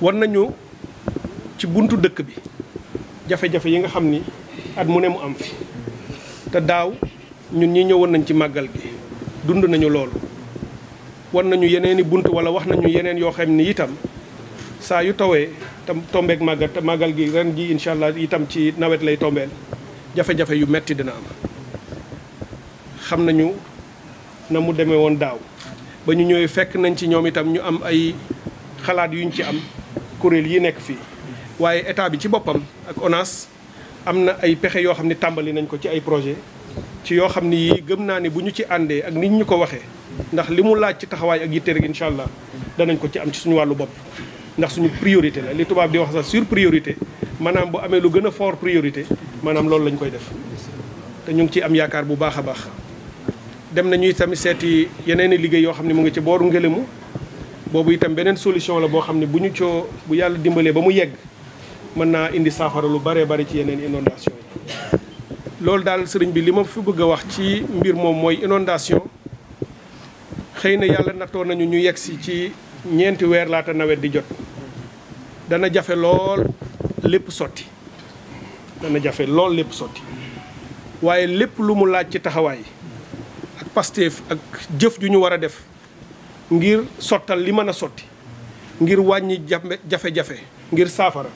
war nañu ci buntu dëkk bi jafe-jafe yi nga xam ni at mu ne mu am fi te daaw ñun ñi ñëwoon nañ ci màggal gi dund nañu loolu war nañu yeneeni bunt wala wax nañu yeneen yoo xam ni itam saa yu tawee tam tombeek màggal màggal gi ren ji incha allah itam ci nawet lay tombeel jafe-jafe yu metti dina am xam nañu na mu demee woon daaw ba ñu ñëwee fekk nañ ci ñoom itam ñu am ay xalaat yuñ ci am kuréel yi nekk fii waaye état bi ci boppam ak ONAS am na ay pexe yoo xam ne tàmbali nañ ko ci ay projet ci yoo xam ni yii gëm naa ni bu ñu ci àndee ak nit ñu ko waxee ndax li mu laaj ci taxawaay ak yitte rek incha allah danañ ko ci am ci suñu wàllu bopp ndax suñu priorité la li tubaab di wax sa sur priorité maanaam bu amee lu gën a fort priorité maanaam loolu lañ koy def te ñu ngi ciy am yaakaar bu baax a baax dem nañuy tamit seeti yeneen i liggéey yoo xam ne mu ngi ci booru ngelamu boobu itam beneen solution la boo xam ne bu ñu coo bu yàlla dimbalee ba mu yegg mën naa indi saafara lu baree bari ci yeneen inondation yi loolu daal sëriñ bi li ma fi bëgg a wax ci mbir moom mooy inondation xëy na yàlla nattoon nañu ñu yegg si ci ñeenti weer laata nawet di jot dana jafe lool lépp sotti dana jafe lool lépp sotti waaye lépp lu mu laaj ci taxawaay ak Pastef ak jëf ju ñu war a def ngir sottal li mën a sotti ngir wàññi jafe-jafe ngir saafara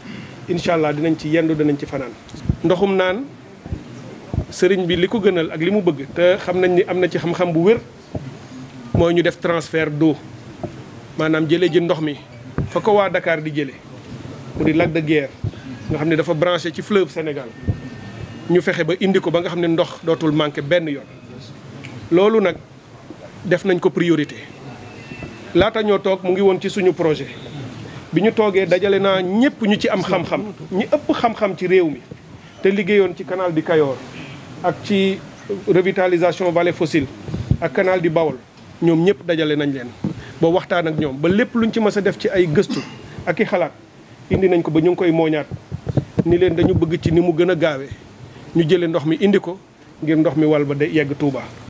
incha allah dinañ ci yendu dinañ ci fanaan. ndoxum naan sëriñ bi li ko gënal ak li mu bëgg te xam nañ ni am na ci xam-xam bu wér mooy ñu def transfert do maanaam jëlee ji ndox mi fa ko waa Dakar di jëlee mu di lac de nga xam ne dafa branché ci fleuve Sénégal ñu fexe ba indi ko ba nga xam ne ndox dootul manqué benn yoon loolu nag def nañ ko priorité. laata ñoo toog mu ngi woon ci suñu projet bi ñu toogee dajale naa ñëpp ñu ci am xam-xam ñi ëpp xam-xam ci réew mi te liggéeyoon ci kanaal di Kayoor ak ci revitalisation vallée fossile ak kanaal di Bawol ñoom ñëpp dajale nañ leen ba waxtaan ak ñoom ba lépp luñ ci mës a def ci ay gëstu ak i xalaat indi nañ ko ba ñu ngi koy mooñaat ni leen dañu bëgg ci ni mu gën a gaawee ñu jëlee ndox mi indi ko ngir ndox mi wal ba de yegg Touba.